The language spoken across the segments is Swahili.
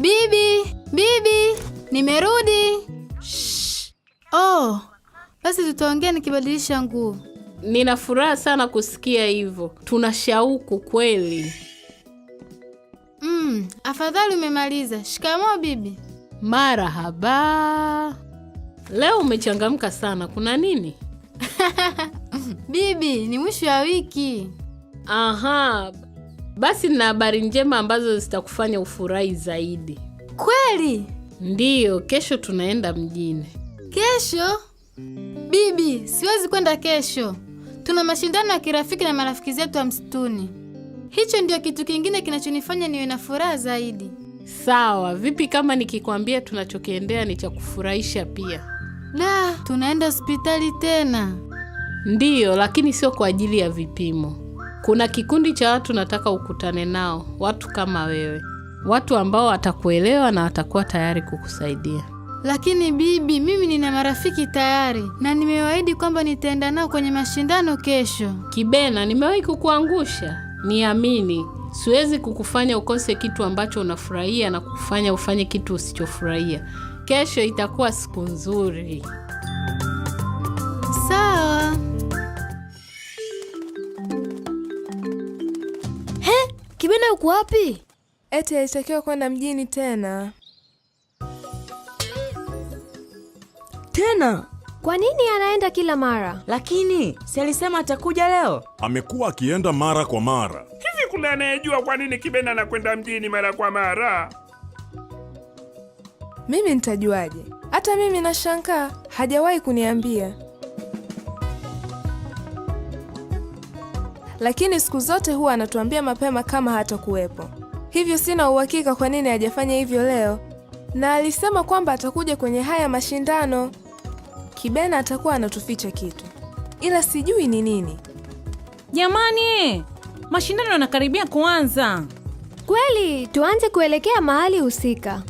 Bibi, bibi, nimerudi. Shh. Oh, basi tutaongea nikibadilisha nguo. Nina furaha sana kusikia hivyo, tuna shauku kweli. Mm, afadhali umemaliza. Shikamoo bibi. Marahaba. Leo umechangamka sana, kuna nini? Bibi, ni mwisho wa wiki. Aha, basi nina habari njema ambazo zitakufanya ufurahi zaidi. Kweli? Ndiyo, kesho tunaenda mjini. Kesho? Bibi, siwezi kwenda kesho. Tuna mashindano ya kirafiki na marafiki zetu wa msituni. Hicho ndio kitu kingine kinachonifanya niwe na furaha zaidi. Sawa, vipi kama nikikwambia tunachokiendea ni cha kufurahisha pia? La, tunaenda hospitali tena. Ndiyo, lakini sio kwa ajili ya vipimo. Kuna kikundi cha watu nataka ukutane nao, watu kama wewe, watu ambao watakuelewa na watakuwa tayari kukusaidia. Lakini bibi, mimi nina marafiki tayari na nimewaahidi kwamba nitaenda nao kwenye mashindano kesho. Kibena, nimewahi kukuangusha, niamini. Siwezi kukufanya ukose kitu ambacho unafurahia na kufanya ufanye kitu usichofurahia. Kesho itakuwa siku nzuri. uko wapi? Eti alitakiwa kwenda mjini tena. Tena? Kwa nini anaenda kila mara? Lakini si alisema atakuja leo? Amekuwa akienda mara kwa mara. Hivi kuna anayejua kwa nini Kibena anakwenda mjini mara kwa mara? Mimi nitajuaje? Hata mimi nashangaa, hajawahi kuniambia. lakini siku zote huwa anatuambia mapema kama hatakuwepo. Hivyo sina uhakika kwa nini hajafanya hivyo leo, na alisema kwamba atakuja kwenye haya mashindano. Kibena atakuwa anatuficha kitu, ila sijui ni nini. Jamani, mashindano yanakaribia kuanza. Kweli, tuanze kuelekea mahali husika.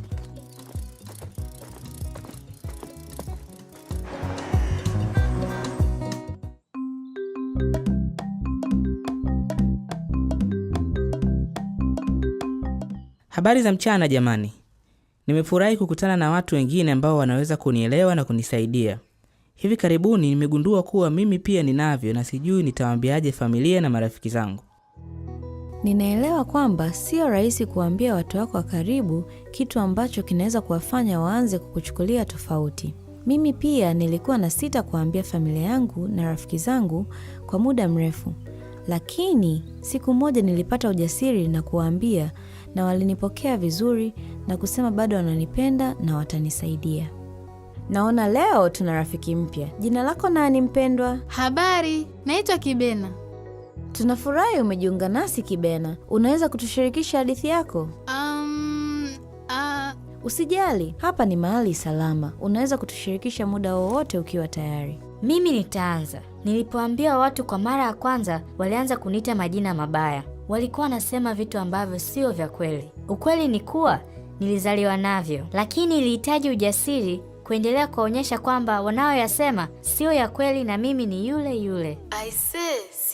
Habari za mchana jamani. Nimefurahi kukutana na watu wengine ambao wanaweza kunielewa na kunisaidia. Hivi karibuni nimegundua kuwa mimi pia ninavyo na sijui nitawaambiaje familia na marafiki zangu. Ninaelewa kwamba sio rahisi kuwaambia watu wako wa karibu kitu ambacho kinaweza kuwafanya waanze kukuchukulia tofauti. Mimi pia nilikuwa na sita kuwaambia familia yangu na rafiki zangu kwa muda mrefu, lakini siku moja nilipata ujasiri na kuwaambia na walinipokea vizuri na kusema bado wananipenda na watanisaidia. Naona leo tuna rafiki mpya. Jina lako nani mpendwa? Habari, naitwa Kibena. Tunafurahi umejiunga nasi Kibena. Unaweza kutushirikisha hadithi yako? Um, uh... Usijali, hapa ni mahali salama. Unaweza kutushirikisha muda wowote ukiwa tayari. Mimi nitaanza. Nilipoambia watu kwa mara ya kwanza, walianza kuniita majina mabaya walikuwa wanasema vitu ambavyo sio vya kweli. Ukweli ni kuwa nilizaliwa navyo, lakini ilihitaji ujasiri kuendelea kuwaonyesha kwamba wanaoyasema sio ya kweli na mimi ni yule yule. I see.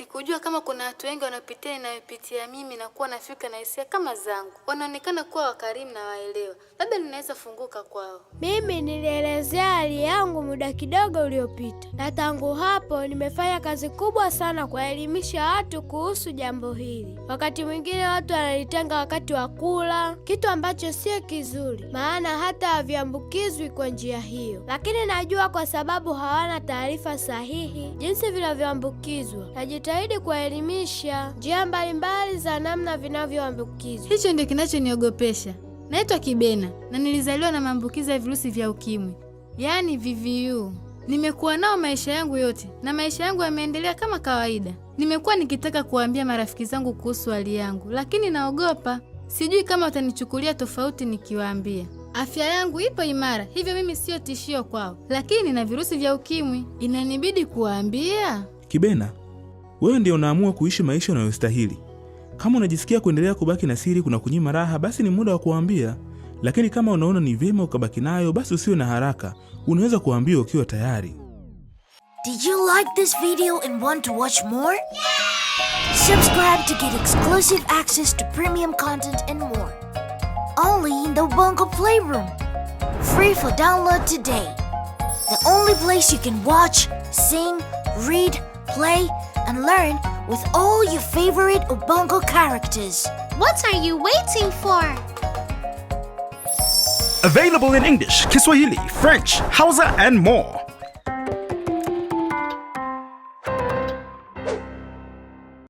Sikujua kama kuna watu wengi wanaopitia ninayopitia mimi na kuwa na fikra na hisia kama zangu, wanaonekana kuwa wakarimu na waelewa, labda ninaweza funguka kwao. Mimi nilielezea hali yangu muda kidogo uliopita, na tangu hapo nimefanya kazi kubwa sana kuwaelimisha watu kuhusu jambo hili. Wakati mwingine watu wanalitenga wakati wa kula, kitu ambacho sio kizuri, maana hata haviambukizwi kwa njia hiyo, lakini najua kwa sababu hawana taarifa sahihi jinsi vinavyoambukizwa. Najitahidi Jitahidi kuwaelimisha njia mbalimbali za namna vinavyoambukizwa. Hicho ndio kinachoniogopesha. Naitwa Kibena na nilizaliwa na maambukizi ya virusi vya ukimwi, yaani VVU. Nimekuwa nao maisha yangu yote na maisha yangu yameendelea kama kawaida. Nimekuwa nikitaka kuwaambia marafiki zangu kuhusu hali yangu, lakini naogopa, sijui kama watanichukulia tofauti nikiwaambia. Afya yangu ipo imara, hivyo mimi siyo tishio kwao, lakini na virusi vya ukimwi inanibidi kuwaambia. Kibena wewe ndio unaamua kuishi maisha unayostahili. Kama unajisikia kuendelea kubaki na siri kuna kunyima raha, basi ni muda wa kuambia, lakini kama unaona ni vyema ukabaki nayo, basi usiwe na haraka. Unaweza kuambia ukiwa tayari. Did you like this video and want to watch more? Yeah! Subscribe to get exclusive access to premium content and more. Only in the Bongo Playroom. Free for download today. The only place you can watch, sing, read, play and learn with all your favorite Ubongo characters. What are you waiting for? Available in English, Kiswahili, French, Hausa, and more.